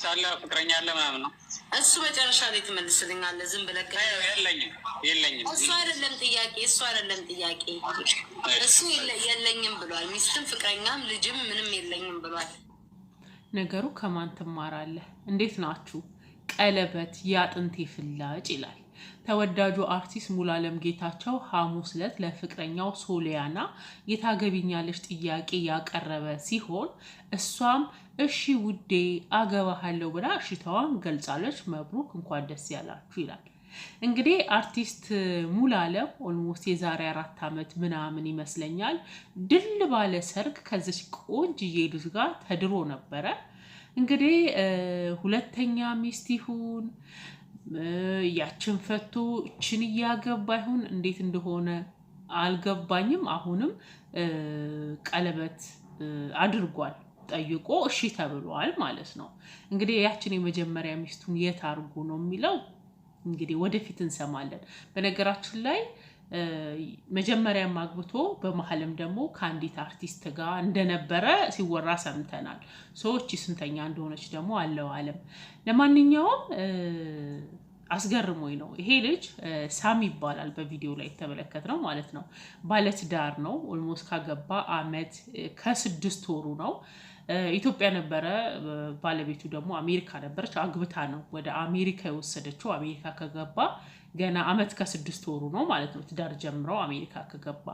ሳለ ፍቅረኛ አለ ምናምን ነው እሱ መጨረሻ ላይ ትመልስልኛለህ። ዝም ብለህ የለኝም የለኝም። እሱ አይደለም ጥያቄ እሱ አይደለም ጥያቄ እሱ የለኝም ብሏል። ሚስትም ፍቅረኛም ልጅም ምንም የለኝም ብሏል። ነገሩ ከማን ትማራለህ? እንዴት ናችሁ? ቀለበት ያጥንቴ ፍላጭ ይላል ተወዳጁ አርቲስት ሙሉዓለም ጌታቸው ሐሙስ ዕለት ለፍቅረኛው ሶሊያና የታገቢኛለሽ ጥያቄ ያቀረበ ሲሆን እሷም እሺ ውዴ አገባሃለሁ ብላ እሽታዋን ገልጻለች። መብሩክ እንኳን ደስ ያላችሁ ይላል። እንግዲህ አርቲስት ሙሉዓለም ኦልሞስት የዛሬ አራት ዓመት ምናምን ይመስለኛል ድል ባለ ሰርግ ከዚች ቆንጅዬ ልጅ ጋር ተድሮ ነበረ። እንግዲህ ሁለተኛ ሚስት ይሁን ያችን ፈቶ እችን እያገባ ይሁን እንዴት እንደሆነ አልገባኝም። አሁንም ቀለበት አድርጓል ጠይቆ እሺ ተብሏል ማለት ነው። እንግዲህ ያችን የመጀመሪያ ሚስቱን የት አድርጎ ነው የሚለው እንግዲህ ወደፊት እንሰማለን። በነገራችን ላይ መጀመሪያም አግብቶ በመሀልም ደግሞ ከአንዲት አርቲስት ጋር እንደነበረ ሲወራ ሰምተናል። ሰዎች ስንተኛ እንደሆነች ደግሞ አለው አለም ለማንኛውም አስገርሞኝ ነው። ይሄ ልጅ ሳም ይባላል። በቪዲዮ ላይ የተመለከት ነው ማለት ነው። ባለትዳር ነው። ኦልሞስት ካገባ አመት ከስድስት ወሩ ነው። ኢትዮጵያ ነበረ። ባለቤቱ ደግሞ አሜሪካ ነበረች። አግብታ ነው ወደ አሜሪካ የወሰደችው። አሜሪካ ከገባ ገና አመት ከስድስት ወሩ ነው ማለት ነው። ትዳር ጀምረው አሜሪካ ከገባ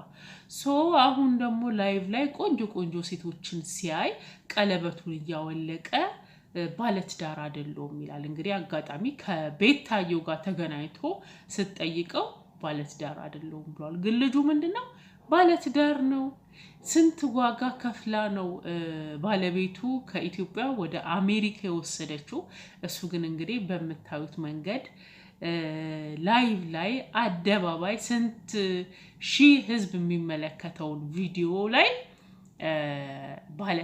ሶ አሁን ደግሞ ላይቭ ላይ ቆንጆ ቆንጆ ሴቶችን ሲያይ ቀለበቱን እያወለቀ ባለትዳር አይደለሁም ይላል። እንግዲህ አጋጣሚ ከቤታየው ጋር ተገናኝቶ ስትጠይቀው ባለትዳር አይደለሁም ብሏል። ግን ልጁ ምንድን ነው ባለትዳር ነው። ስንት ዋጋ ከፍላ ነው ባለቤቱ ከኢትዮጵያ ወደ አሜሪካ የወሰደችው። እሱ ግን እንግዲህ በምታዩት መንገድ ላይቭ ላይ አደባባይ ስንት ሺህ ህዝብ የሚመለከተውን ቪዲዮ ላይ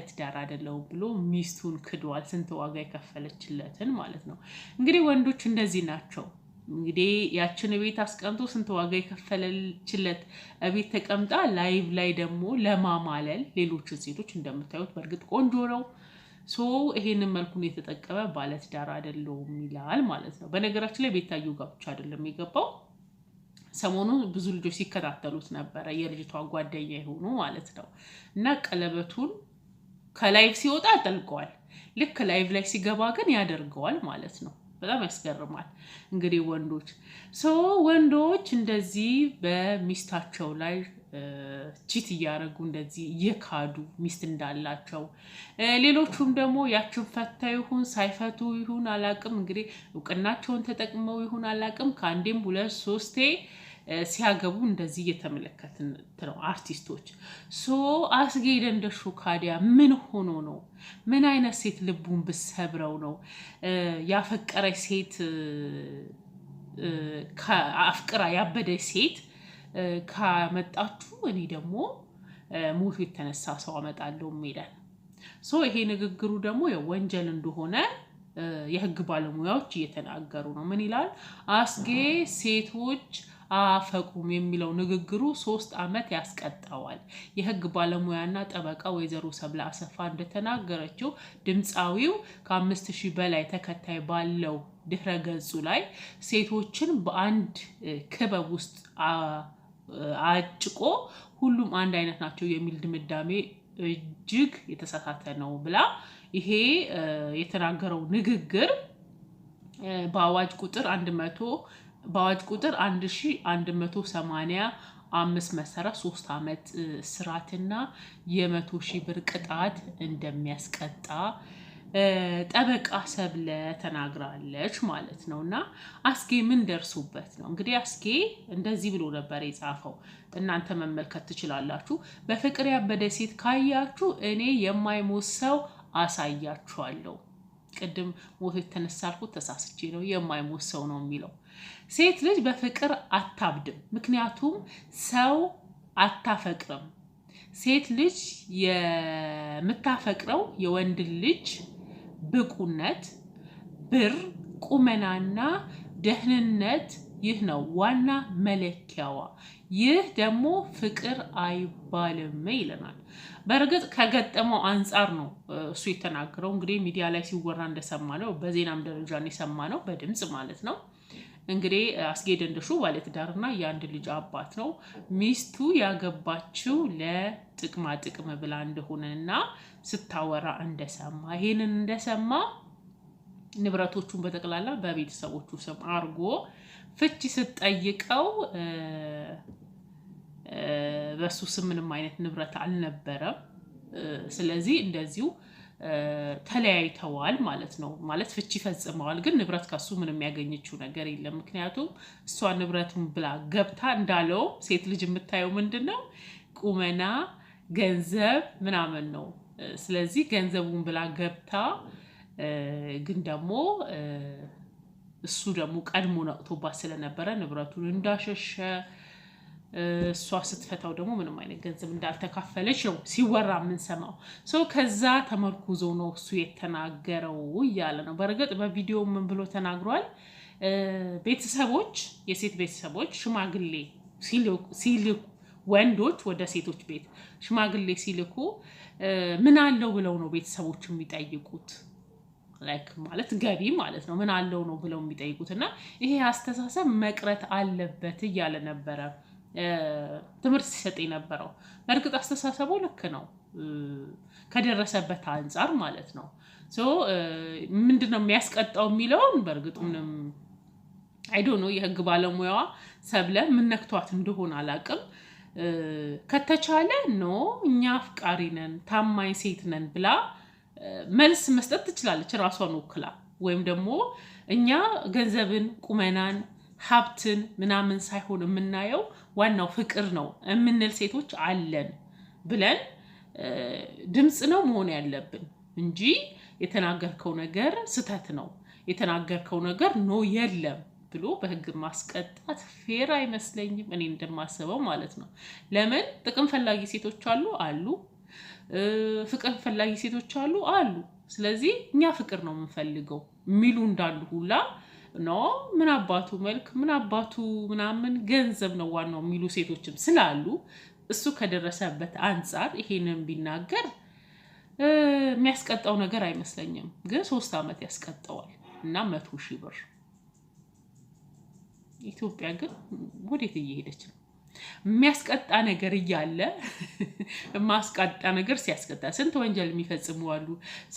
ትዳር አይደለሁም ብሎ ሚስቱን ክዷል። ስንት ዋጋ የከፈለችለትን ማለት ነው። እንግዲህ ወንዶች እንደዚህ ናቸው። እንግዲህ ያችን ቤት አስቀምጦ ስንት ዋጋ የከፈለችለት ቤት ተቀምጣ ላይቭ ላይ ደግሞ ለማማለል ሌሎችን ሴቶች እንደምታዩት በእርግጥ ቆንጆ ነው። ሶ ይሄንን መልኩን የተጠቀመ ባለትዳር አደለውም ይላል ማለት ነው። በነገራችን ላይ ቤታዩ ጋር ብቻ አይደለም የገባው ሰሞኑ ብዙ ልጆች ሲከታተሉት ነበረ፣ የልጅቷ ጓደኛ የሆኑ ማለት ነው። እና ቀለበቱን ከላይቭ ሲወጣ ያጠልቀዋል፣ ልክ ላይቭ ላይ ሲገባ ግን ያደርገዋል ማለት ነው። በጣም ያስገርማል። እንግዲህ ወንዶች ሰው ወንዶች እንደዚህ በሚስታቸው ላይ ቺት እያደረጉ እንደዚህ እየካዱ ሚስት እንዳላቸው፣ ሌሎቹም ደግሞ ያችን ፈታ ይሁን ሳይፈቱ ይሁን አላቅም፣ እንግዲህ እውቅናቸውን ተጠቅመው ይሁን አላቅም፣ ከአንዴም ሁለት ሶስቴ ሲያገቡ እንደዚህ እየተመለከትን ነው። አርቲስቶች ሶ አስጌ ደንደሾ ካዲያ ምን ሆኖ ነው? ምን አይነት ሴት ልቡን ብሰብረው ነው ያፈቀረች ሴት አፍቅራ ያበደች ሴት ካመጣችሁ እኔ ደግሞ ሞቱ የተነሳ ሰው አመጣለሁ ይላል። ሶ ይሄ ንግግሩ ደግሞ ወንጀል እንደሆነ የህግ ባለሙያዎች እየተናገሩ ነው። ምን ይላል አስጌ ሴቶች አፈቁም የሚለው ንግግሩ ሶስት ዓመት ያስቀጣዋል። የህግ ባለሙያና ጠበቃ ወይዘሮ ሰብለ አሰፋ እንደተናገረችው ድምፃዊው ከአምስት ሺህ በላይ ተከታይ ባለው ድህረ ገጹ ላይ ሴቶችን በአንድ ክበብ ውስጥ አጭቆ ሁሉም አንድ አይነት ናቸው የሚል ድምዳሜ እጅግ የተሳሳተ ነው ብላ ይሄ የተናገረው ንግግር በአዋጅ ቁጥር 100 በአዋጅ ቁጥር 1185 መሰረት ሶስት ዓመት እስራትና የመቶ ሺህ ብር ቅጣት እንደሚያስቀጣ ጠበቃ ሰብለ ተናግራለች ማለት ነው። እና አስጌ ምን ደርሶበት ነው እንግዲህ? አስጌ እንደዚህ ብሎ ነበር የጻፈው፣ እናንተ መመልከት ትችላላችሁ። በፍቅር ያበደ ሴት ካያችሁ እኔ የማይሞት ሰው አሳያችኋለሁ። ቅድም ሞት የተነሳልኩት ተሳስቼ ነው። የማይሞት ሰው ነው የሚለው። ሴት ልጅ በፍቅር አታብድም፣ ምክንያቱም ሰው አታፈቅርም። ሴት ልጅ የምታፈቅረው የወንድ ልጅ ብቁነት፣ ብር፣ ቁመናና ደህንነት ይህ ነው ዋና መለኪያዋ። ይህ ደግሞ ፍቅር አይባልም ይለናል። በእርግጥ ከገጠመው አንጻር ነው እሱ የተናገረው። እንግዲህ ሚዲያ ላይ ሲወራ እንደሰማ ነው፣ በዜናም ደረጃ የሰማ ነው፣ በድምፅ ማለት ነው። እንግዲህ አስጌ ደንደሾ ባለትዳርና የአንድ ልጅ አባት ነው። ሚስቱ ያገባችው ለጥቅማ ጥቅም ብላ እንደሆነ እና ስታወራ እንደሰማ ይሄንን እንደሰማ ንብረቶቹን በጠቅላላ በቤተሰቦቹ ስም አድርጎ ፍቺ ስትጠይቀው በሱ ስም ምንም አይነት ንብረት አልነበረም። ስለዚህ እንደዚሁ ተለያይተዋል ማለት ነው። ማለት ፍቺ ፈጽመዋል፣ ግን ንብረት ከሱ ምንም የሚያገኘችው ነገር የለም። ምክንያቱም እሷ ንብረቱን ብላ ገብታ እንዳለው ሴት ልጅ የምታየው ምንድን ነው? ቁመና፣ ገንዘብ ምናምን ነው። ስለዚህ ገንዘቡን ብላ ገብታ ግን ደግሞ እሱ ደግሞ ቀድሞ ነቅቶባት ስለነበረ ንብረቱን እንዳሸሸ እሷ ስትፈታው ደግሞ ምንም አይነት ገንዘብ እንዳልተካፈለች ነው ሲወራ የምንሰማው። ሰው ከዛ ተመርኩዞ ነው እሱ የተናገረው እያለ ነው። በእርግጥ በቪዲዮ ምን ብሎ ተናግሯል? ቤተሰቦች፣ የሴት ቤተሰቦች ሽማግሌ ሲልኩ ወንዶች ወደ ሴቶች ቤት ሽማግሌ ሲልኩ ምን አለው ብለው ነው ቤተሰቦች የሚጠይቁት ላይክ ማለት ገቢ ማለት ነው። ምን አለው ነው ብለው የሚጠይቁት እና ይሄ አስተሳሰብ መቅረት አለበት እያለ ነበረ ትምህርት ሲሰጥ የነበረው። በእርግጥ አስተሳሰቡ ልክ ነው፣ ከደረሰበት አንጻር ማለት ነው። ምንድነው የሚያስቀጣው የሚለውን በእርግጥ ምንም አይዶ ነው። የህግ ባለሙያዋ ሰብለ ምነክቷት እንደሆን አላቅም። ከተቻለ ኖ እኛ አፍቃሪ ነን፣ ታማኝ ሴት ነን ብላ መልስ መስጠት ትችላለች ራሷን ወክላ ወይም ደግሞ እኛ ገንዘብን፣ ቁመናን፣ ሀብትን ምናምን ሳይሆን የምናየው ዋናው ፍቅር ነው የምንል ሴቶች አለን ብለን ድምፅ ነው መሆን ያለብን እንጂ የተናገርከው ነገር ስተት ነው የተናገርከው ነገር ኖ የለም ብሎ በህግ ማስቀጣት ፌር አይመስለኝም። እኔ እንደማስበው ማለት ነው። ለምን ጥቅም ፈላጊ ሴቶች አሉ አሉ፣ ፍቅር ፈላጊ ሴቶች አሉ አሉ። ስለዚህ እኛ ፍቅር ነው የምንፈልገው የሚሉ እንዳሉ ሁላ ኖ ምን አባቱ መልክ ምን አባቱ ምናምን ገንዘብ ነው ዋናው የሚሉ ሴቶችም ስላሉ እሱ ከደረሰበት አንጻር ይሄንን ቢናገር የሚያስቀጣው ነገር አይመስለኝም። ግን ሶስት ዓመት ያስቀጠዋል እና መቶ ሺህ ብር። ኢትዮጵያ ግን ወዴት እየሄደች ነው? የሚያስቀጣ ነገር እያለ የማስቀጣ ነገር ሲያስቀጣ ስንት ወንጀል የሚፈጽሙ አሉ።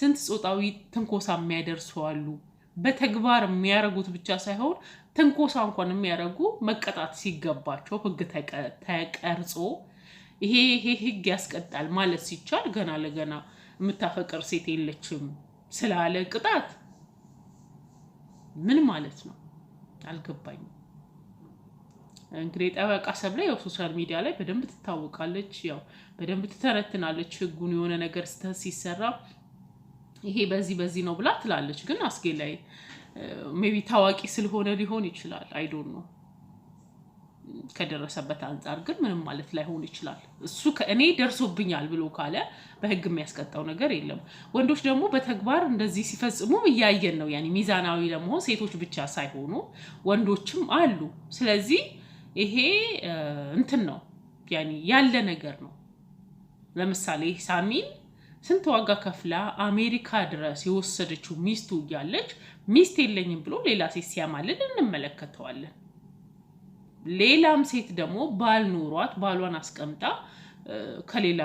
ስንት ጾታዊ ትንኮሳ የሚያደርሱ አሉ። በተግባር የሚያደርጉት ብቻ ሳይሆን ትንኮሳ እንኳን የሚያደርጉ መቀጣት ሲገባቸው ህግ ተቀርጾ ይሄ ይሄ ህግ ያስቀጣል ማለት ሲቻል ገና ለገና የምታፈቅር ሴት የለችም ስላለ ቅጣት ምን ማለት ነው? አልገባኝም። እንግዲህ ጠበቃ ሰብለ ያው ሶሻል ሚዲያ ላይ በደንብ ትታወቃለች፣ ያው በደንብ ትተረትናለች ህጉን የሆነ ነገር ሲሰራ ይሄ በዚህ በዚህ ነው ብላ ትላለች። ግን አስጌ ላይ ቢ ታዋቂ ስለሆነ ሊሆን ይችላል። ዶንት ነው ከደረሰበት አንጻር ግን ምንም ማለት ላይሆን ይችላል። እሱ ከእኔ ደርሶብኛል ብሎ ካለ በህግ የሚያስቀጣው ነገር የለም። ወንዶች ደግሞ በተግባር እንደዚህ ሲፈጽሙም እያየን ነው። ያኔ ሚዛናዊ ለመሆን ሴቶች ብቻ ሳይሆኑ ወንዶችም አሉ። ስለዚህ ይሄ እንትን ነው ያለ ነገር ነው። ለምሳሌ ሳሚን ስንት ዋጋ ከፍላ አሜሪካ ድረስ የወሰደችው ሚስቱ እያለች ሚስት የለኝም ብሎ ሌላ ሴት ሲያማልን እንመለከተዋለን። ሌላም ሴት ደግሞ ባል ኖሯት ባሏን አስቀምጣ ከሌላ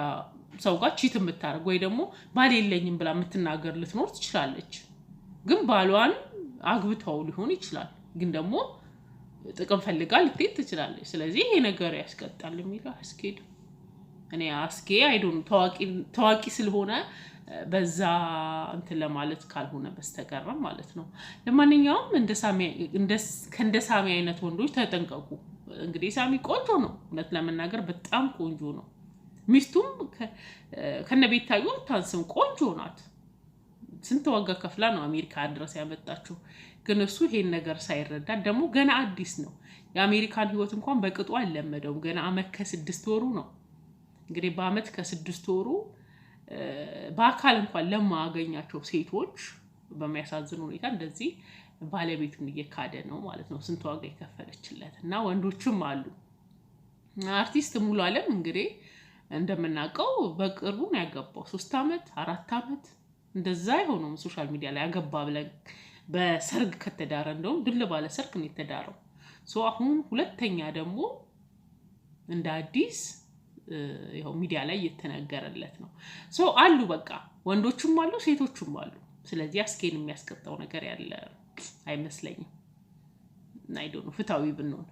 ሰው ጋር ቺት የምታደርግ ወይ ደግሞ ባል የለኝም ብላ የምትናገር ልትኖር ትችላለች። ግን ባሏን አግብተው ሊሆን ይችላል። ግን ደግሞ ጥቅም ፈልጋ ልትሄድ ትችላለች። ስለዚህ ይሄ ነገር ያስቀጣል የሚለው አያስኬድም። እኔ አስጌ አይዶን ታዋቂ ስለሆነ በዛ እንትን ለማለት ካልሆነ በስተቀረ ማለት ነው። ለማንኛውም ከእንደ ሳሚ አይነት ወንዶች ተጠንቀቁ። እንግዲህ ሳሚ ቆንጆ ነው፣ እውነት ለመናገር በጣም ቆንጆ ነው። ሚስቱም ከነ ቤታዩ ታንስም ቆንጆ ናት። ስንት ዋጋ ከፍላ ነው አሜሪካ ድረስ ያመጣችው። ግን እሱ ይሄን ነገር ሳይረዳ ደግሞ ገና አዲስ ነው። የአሜሪካን ህይወት እንኳን በቅጡ አልለመደውም። ገና አመት ከስድስት ወሩ ነው። እንግዲህ በአመት ከስድስት ወሩ በአካል እንኳን ለማገኛቸው ሴቶች በሚያሳዝን ሁኔታ እንደዚህ ባለቤቱን እየካደ ነው ማለት ነው። ስንት ዋጋ የከፈለችለት እና ወንዶችም አሉ። አርቲስት ሙሉ አለም እንግዲህ እንደምናውቀው በቅርቡ ነው ያገባው። ሶስት አመት አራት አመት እንደዛ የሆነውም ሶሻል ሚዲያ ላይ ያገባ ብለን በሰርግ ከተዳረ እንደውም ድል ባለ ሰርግ ነው የተዳረው። አሁን ሁለተኛ ደግሞ እንደ አዲስ ይኸው ሚዲያ ላይ እየተነገረለት ነው። ሰው አሉ በቃ ወንዶቹም አሉ ሴቶቹም አሉ። ስለዚህ አስኬን የሚያስቀጣው ነገር ያለ አይመስለኝም። አይዶ ነው ብንሆን